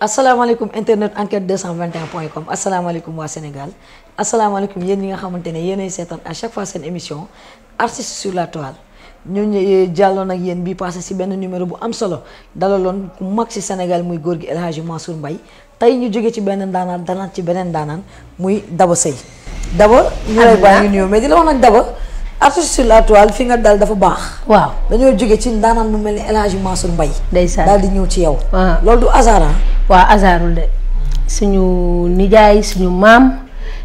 asalaamaaleykum internet enquête 221 point com asalaamaaleykum waa Sénégal asalaamaaleykum yéen li nga xamante ne yéenay seetaan à chaque fois seen émission artiste sur la toile ñooñu eh, jàlloon ak yéen bi passé si benn numéro bu am solo dalaloon ku mag si Sénégal muy góor gi El Hadji mbay tey ñu jóge ci benn daanaan danaat ci beneen daanaan muy Daba Seye Daba ñu lay bàyyi mais di la wax nag Daba artiste sur la fi nga dal dafa baax. waaw dañoo jóge ci ndaanaan mu mel ni El Hadj mbay Mbaye. ndeysaan daal di ñëw ci yow. Ah. loolu du hasard waa ah. waaw hasardul de suñu nijaay suñu maam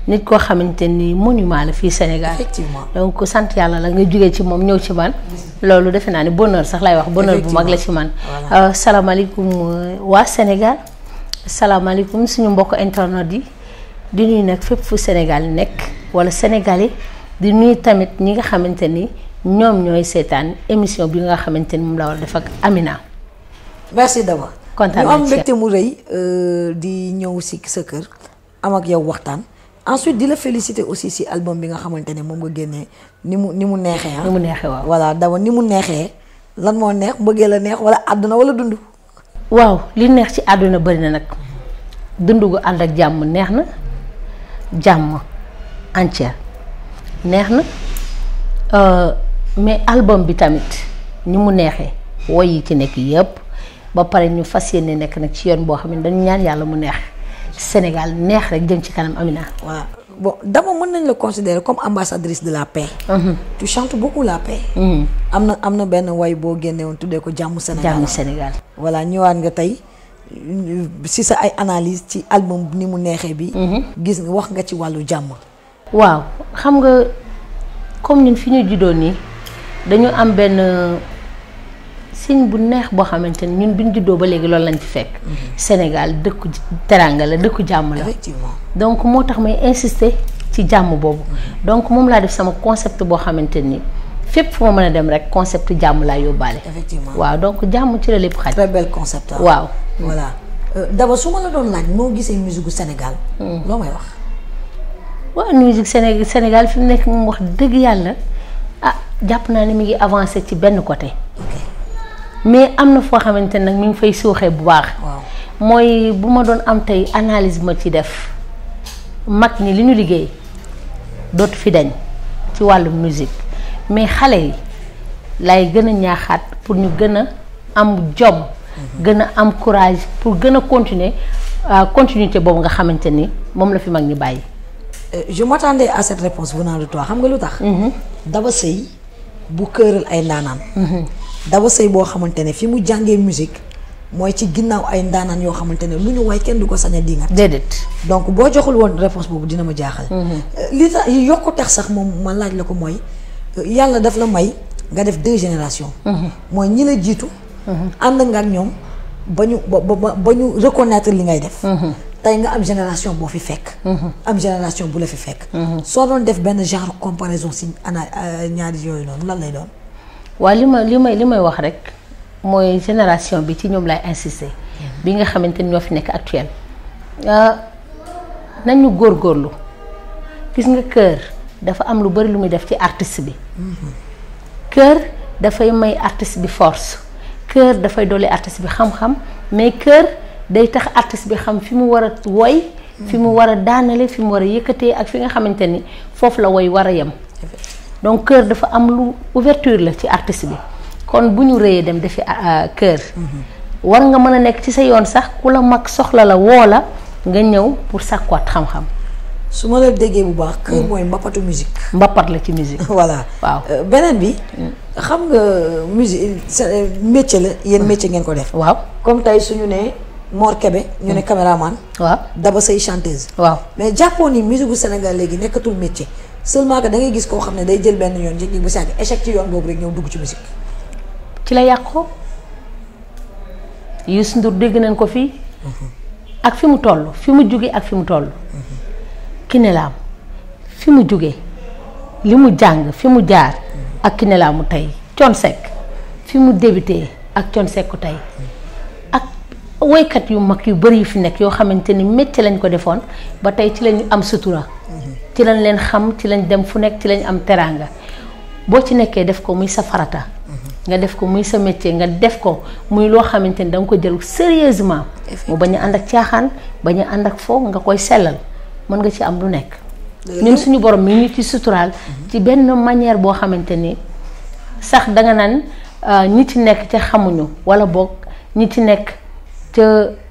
nit koo xamante ni monument la fii Sénégal. effectivement donc sant yàlla la ngay jóge ci moom ñëw ci man. loolu defe naa ne bonheur sax lay wax. bonheur bu mag la ci man. voilà euh, salaamaaleykum euh, waa Sénégal. salaamaaleykum suñu mbokk internet yi di nuyu nekk fépp fu Sénégal nekk wala sénégalais. di nuyu tamit ñi nga xamante ni ñoom ñooy seetaan émission bi nga xamante ni moom la war a def Amina. merci d'abord kontaan ñu am mbégte mu rëy euh, di ñëw si sa kër am ak yow waxtaan. ensuite di la félicité aussi si album bi nga xamante ne moom nga génnee ni mu ni mu neexee ah. ni mu neexee waaw voilà dawa ni mu neexee lan moo neex mbëggee la neex wala àdduna wala dund. waaw li neex ci àdduna bari na nag dund gu ànd ak jàmm neex na jàmm entière neex na euh, mais album bi tamit ñi mu neexee woy yi ci nekk yëpp ba pare ñu fas yéene nekk nag ci yoon boo xam ne dañu ñaan yàlla mu neex Sénégal neex rek jëm ci kanam Amina. waaw bon dama mën nañ la considérer comme ambassadrice de la paix. Mhm. tu chantes beaucoup mhm. am na am na benn way boo génne tuddee ko jàmmu Sénégal jàmmu Sénégal. voilà ñëwaat nga tey. si sa ay analyse ci album ni mu neexee bi. Mhm. gis nga wax nga ci wàllu jàmm. waaw xam nga. comme ñun fi ñu juddoo nii dañu am benn euh, signe bu neex boo xamante ni ñun bi juddoo ba léegi loolu lañ fi fekk. Mhm. Sénégal dëkku teranga la dëkku jàmm la. donc moo tax may insisté ci jàmm boobu. Mhm. donc moom laa def sama concept boo xamante ni. fépp fu ma mën a dem rek concept jàmm laa yóbbaale. effectivement waaw donc jàmm ci la lépp xaj. très waaw. voilà euh, d'abord su ma la doon laaj moo gisee musique gu Sénégal. Hmm. waaw musique Sénégal Sénégal fi mu nekk moom wax dëgg yàlla ah jàpp naa ne mi ngi avancé ci benn côté mais am na foo xamante nag mi ngi fay suuxee bu baax. mooy bu ma doon am tey analyse ma ci def mag ñi li ñu liggéey dootu fi dañ ci wàllu musique mais xale yi lay gën a ñaaxaat pour ñu gën a am jom. Mhm. gën a am courage pour gën a continuer ah, continuité boobu nga xamante ni moom la fi mag ñi bàyyi. Euh, je m'attendais à cette réponse venant de toi xam nga lu tax. Mhm. Daba Sey bu këral ay ndaanaan. Mhm. Daba Sey boo xamante ne fi mu jàngee musique mooy ci ginnaaw ay ndaanaan yoo xamante ne lu ñu way kenn du ko sañ a dingat. déedéet donc boo joxul woon réponse boobu dina ma jaaxal. Mhm. Euh, li tax yokku tax sax moom ma laaj la ko mooy euh, yàlla daf la may nga def deux générations. mooy ñi la jiitu. ànd nga ak ñoom ba ñu ba ba ba ñu reconnaître li ngay def. tey nga am génération boo fi fekk. Mhm. am génération bu la fi fekk. Mhm. soo doon def benn genre comparaison si ana euh, ñaari yooyu noonu lan lay doon. waaw li ma li may li may wax rek mooy génération bi ci ñoom lay insister. bi nga xamante ni ñoo fi nekk actuel. Ah, nañu góorgóorlu gis nga kër dafa am lu bari lu muy def ci artist bi. Mhm. kër dafay may artiste bi force. kër dafay dolli artiste bi xam-xam mais kër. day tax artiste bi xam fi mu war a woy fi mu war a daanale fi mu war a yëkkatee ak fi nga xamante ni foofu la woy war a yem donc kër dafa am lu ouverture la ci artiste bi kon bu ñu rëyee dem defi ah, ah, kër war nga mën a nekk ci sa yoon sax ku la mag soxla la woo la nga ñëw pour sàkkuwaat xam-xam su ma la déggee bu baax kër mm. mooy mbappatu musique mbappat la ci musique voilà waaw euh, beneen bi mm. xam nga musique euh, métier la yéen mm. métier ngeen ko def waaw comme tey suñu ne Mor Kébé ñu ne mm. caméraman. waaw Daba Sey chanteuse. waaw mais jàppoon ni musique bu Sénégal léegi nekkatul métier seulement que da ngay gis koo xam ne day jël benn yoon njëkk bu sànq échec ci yoon boobu rek ñëw dugg ci musique. ci la yàqoo Youssou Ndour dégg nañ ko fii. Mm-hmm. ak fi mu toll fi mu jugee ak fi mu toll. Mm-hmm. Kiné fi mu jugee li mu jàng fi mu jaar. Mm-hmm. ak Kiné mu tey Thione fi mu débuté ak Thione Seck tey. woykat yu mag yu bëri yu fi nekk yoo xamante ni métti lañ ko defoon ba tey ci lañu am sutura ci lañ leen xam ci lañ dem fu nekk ci lañ am teraanga boo ci nekkee def ko muy sa nga def ko muy sa métier nga def ko muy loo xamante ni da ko jël sérieusement mu ba ñu ànd ak caaxaan ba ñu ànd ak foog nga koy sellal mën nga ci am lu nekk ñun suñu borom mi ñu ci suturaal ci benn manière boo xamante ni sax danga naan euh, ñi ci nekk te xamuñu wala boog ñi ci nekk te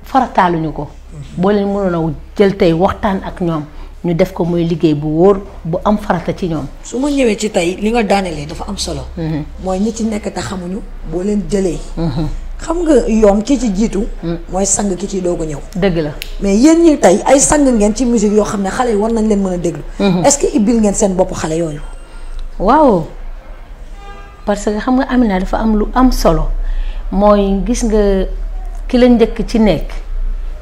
farataaluñu ko. boo leen mënoon a jël tey waxtaan ak ñoom ñu def ko muy liggéey bu wóor bu am farata ci ñoom. su ma ñëwee ci tey li nga daanelee dafa am solo. Mm-hmm. mooy ñi ci nekk xamuñu boo leen jëlee. Mm-hmm. xam nga yoom ki ci jiitu. Mm. mooy sang ki ci doog a ñëw. dëgg la mais yéen tey ay sang ngeen ci musique yoo xam ne xale yi nañ leen mën a déglu. Mm-hmm. est-ce seen bopp xale yooyu. waaw que xam nga Amina dafa am lu am solo mooy gis nga. ki la njëkk ci nekk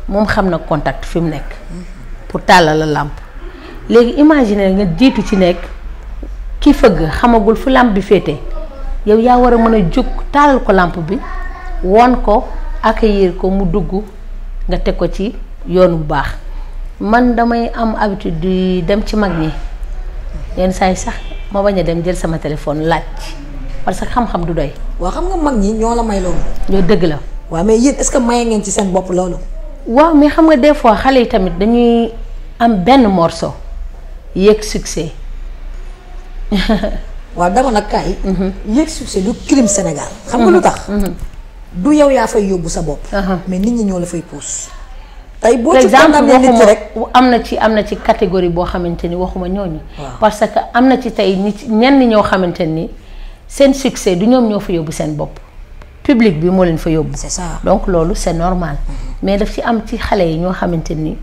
moom xam na contact fi mu nekk pour tàllal la làmp léegi imaginer nga jiitu ci nekk ki fëgg xamagul fu làmp bi féete yow yaa war a mën a jóg tàllal ko làmp bi woon ko accueillir ko mu dugg nga teg ko ci yoon bu baax man damay am habitude di dem ci mag ñi yenn saa yi sax ma bañ a dem jël sama téléphone laaj parce que xam-xam du doy. waaw xam nga mag ñi ñoo la may loolu. ñoo dëgg la. waaw mais yéen est-ce que maye ngeen ci seen bopp loolu. waaw mi xam nga des fois xale yi tamit dañuy am benn morso yéeg succès. waaw dama nag kaay. Mhm. yéeg succès du crime Sénégal. xam nga lu mhm. tax. Mhm. du yow yaa fay yóbbu sa bopp. Uh-huh. mais nit ñi ñoo la fay puus. tey boo ci condamné rek am na ci am na ci catégorie boo xamante ni waxuma ñooñu. parce que am na ci tey nit ñenn ñoo xamante ni seen succès du ñoom ñoo fa yóbbu seen bopp. public bi moo leen fa yóbbu. c'est ça loolu c'est normal. Mm-hmm. mais daf ci am ci xale yi ñoo xamante ni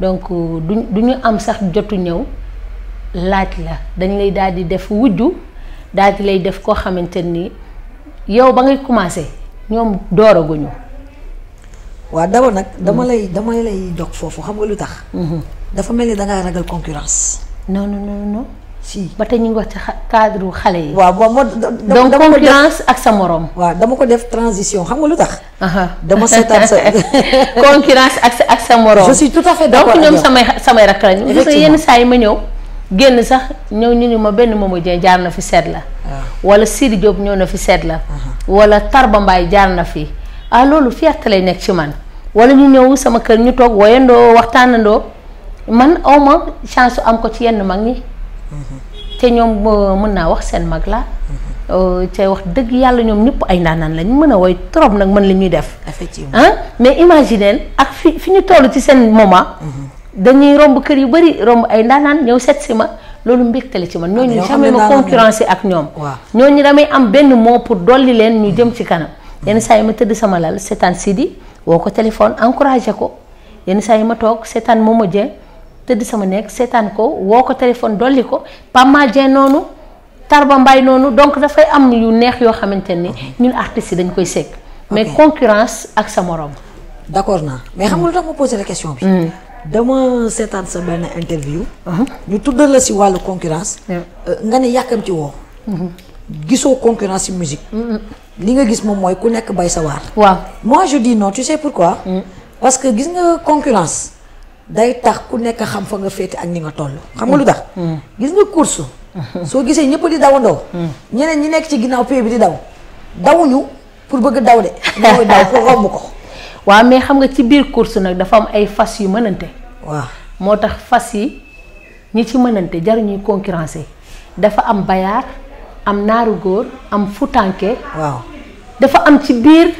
donc euh, du duñu am sax jotu ñëw laaj la dañ lay daal di def wujju daal di lay def koo xamante ni yow ba ngay commencer ñoom dooraguñu. waaw d'abord nag dama mm-hmm. lay damay lay jox foofu xam nga lu tax. Mm-hmm. dafa mel ni dangaa ragal concurrence. non non non non. si ba te ñu ngi wax ci cadre xale yi. waaw bon donc concurrence ak sa morom. waaw dama ko def transition xam nga lu tax. dama seetaan sa. concurrence ak ak sa morom. je tout à fait d'accord samay samay rakk lañu. effectivement yenn saa yi ma ñëw. génn sax ñëw ñu ni ma benn Momo Dieng jaar na fi seet la. Ah. wala Sidi Diop ñëw na fi seet la. wala Tarba Mbaye jaar na fi. ah loolu fierté lay nekk ci man. wala ñu ñëw sama kër ñu toog woyandoo waxtaanandoo man aw ma chance am ko ci yenn mag ñi. te ñoom mën naa wax seen mag la euh, te wax dëgg yàlla ñoom ñëpp ay ndaanaan lañ mën a woy trop nag mën li ñuy def. ah mais imaginer ak fi fi ñu toll ci seen moment. dañuy romb kër yu bari romb ay ndaanaan ñëw seet si ma loolu mbégte la ci man ah, ñooñu jamais ma concurrence ak ñoom. ñooñu damay am benn moo pour dolli leen ñu jëm ci kanam. yenn saa yi ma tëdd sama lal seetaan Sidi woo ko téléphone encouragé ko yenn saa yi ma toog seetaan Momo Dieng tëdd sama nekk seetaan ko woo ko téléphone dolli ko Pama Dieng noonu ba Mbaye noonu donc dafay am yu neex yoo xamante ni mhm. ñun artistes yi dañ koy sekk mais concurrence ak sa morom. d'accord naa mais xam nga lu ma mhm. posé la question bi. Mhm. dama seetaan sa ñu tuddal la si wàllu concurrence. Euh, nga ne yàkkamti woo. gisoo concurrence si musique. li nga gis moom mooy ku nekk bay sa waar. waaw moi je dis non tu sais pourquoi. parce que gis nga concurrence. day tax ku nekk xam fa nga féete ak ni nga toll. xam nga lu tax. Mm. Mm. gis nga course. soo gisee ñëpp di dawandoo. Mm. ñeneen ñi nekk ci ginnaaw pay bi di daw. dawuñu pour bëgg daw de. mooy daw pour romb ko. waaw mais xam nga ci biir course nag dafa am ay fas yu mënante. waaw moo tax fas yi ñi ci mënante jaruñuy concurrencer dafa am bayaar am naaru góor am futanke. waaw dafa am ci biir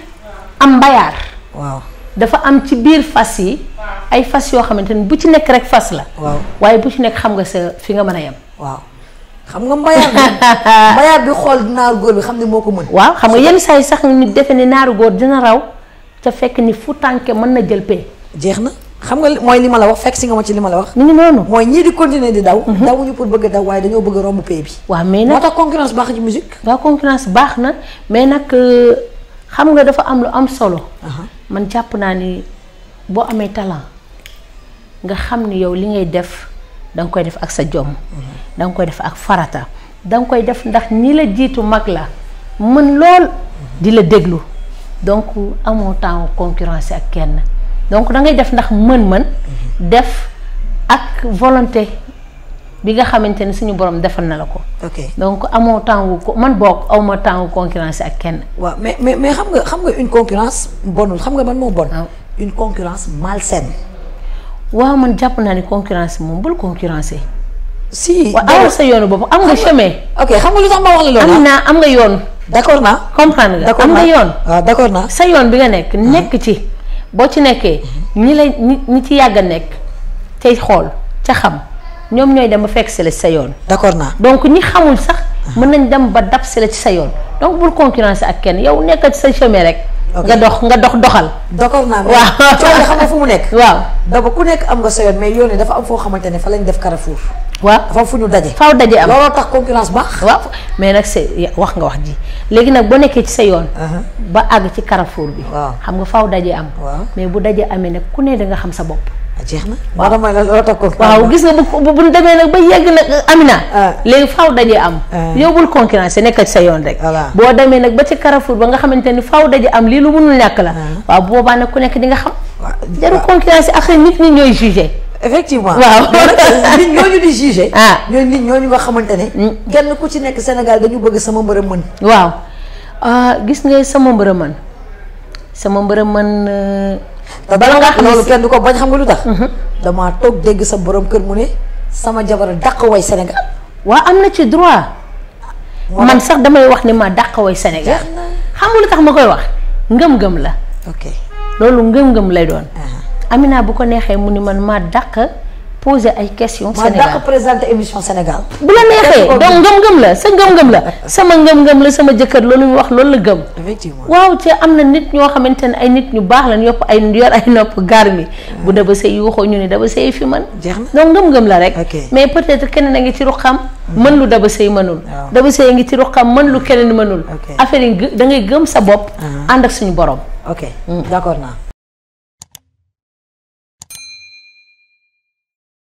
am bayaar. waaw dafa am ci biir fas yi. ay fas yoo xamante ne bu ci nekk rek fas la. waaw waaye bu ci nekk xam nga sa fi nga mën a yem. waaw xam nga mbayaar bi mbayaar bi xool naaru góor bi xam ne moo ko mën. waaw xam nga yenn saa yi sax nit defe ne naaru góor dina raw te fekk ni fu tànke mën na jël pee. jeex na xam nga mooy li ma la wax fekk si nga ma ci li ma la wax. ni ngi noonu mooy ñii di continuer di daw. Mhm. a daw dañoo bëgg a romb bi. waaw mais nag moo tax concurrence baax ci musique. waaw na mais nag euh, xam nga dafa am lu am solo. man jàpp naa ni boo amee talent. nga xam ni yow li ngay def da nga koy def ak sa jom. da nga koy def ak farata. da nga koy def ndax ñi la jiitu mag la mën lool. di la déglu. donc amoo temps concurrence ak kenn donc da ngay def ndax mën-mën. def ak volonté. bi nga xamante ne suñu borom defal na la ko. donc amoo temps wu ko man bokk aw ma temps wu concurrence ak kenn. waaw mais mais mais xam nga xam nga une concurrence bonul xam nga man moo bon. Ah. une concurrence malsaine. waaw man jàpp naa ne concurrence moom bul concurrencer. si sa yoonu bopp am nga chemin. ok xam nga lu tax ma wax la loolu ah? naa am nga yoon. d'accord naa comprendre nga am nga yoon. waaw ah, d'accord yoon bi nga nekk. Mhm. nekk ci boo ci nekkee. Mhm. ñi la ñi ñi ci yàgg nekk tey xool ca xam ñoom ñooy dem ba fekk si la ci sa yoon. d'accord naa donc ñi xamul sax. Ah. mën nañ dem ba dab si la ci sa yoon donc bul concurrencer ak kenn yow nekkal ci sa chemin rek. nga dox nga dox doxal. doxal naa waaw coono xam nga fu mu nekk. waaw daba ku nekk am nga sa yoon mais yoon yi dafa am foo xamante ne fa lañ def Carrefour. waaw dafa fu ñu daje. faaw daje am looloo tax concurrence baax. waaw mais nag c'est wax nga wax ji léegi nag boo nekkee ci sa yoon. ba àgg ci Carrefour bi. waaw xam nga faw daje am. mais bu daje amee nag ku ne da nga xam sa bopp. Ah, jeex na waaw damay la loo tax ko. waaw gis nga bu demee nag ba yegg nag Amina. Ah. léegi faaw daje am. Ah. yow bul concurrence nekk sa yoon rek. boo demee nag ba ci Carrefour ba nga xamante ni faaw daje am lii lu mënul ñàkk la. waaw boobaa nag ku nekk di nga xam. jaru concurrence ak nit ñi ñooy jugé. effectivement waaw nit ñooñu di nga xamante ne. Mm. kenn ku ci nekk Sénégal dañu bëgg sama mbërëm mën. waaw gis nga sama mbërëm mën sama mbërëm man euh, te bala nga loolu kenn du ko bañ xam nga lu tax. Mhm. damaa toog dégg sa boroom kër mu ne sama jabar dàq way senegal waa am na ci droit. man sax damay wax ni ma dàq way Sénégal. xam tax ma koy wax ngëm-ngëm la. ok loolu ngëm-ngëm lay doon. Amina bu ko neexee mu ni man maa dàq. poser ay questions. Sénégal maa présenté émission Sénégal. bu la neexee donc ngëm-ngëm la sa ngëm-ngëm la sama ngëm-ngëm la sama jëkkër loolu wax loolu la gëm. waaw ci am na nit ñoo xamante ne ay nit ñu baax lañ yopp ay yor ay nopp gar mi. bu daba sëy yuuxoo ñu ne daba sëy fi man donc ngëm-ngëm la rek. mais peut-être keneen a ngi ci ruqam. Mhm. mën lu daba sëy mënul. daba sëy a ngi ci ruqam mën lu keneen mënul. affaire yi da ngay gëm sa bopp. Ah. ànd ak suñu borom. ok mm.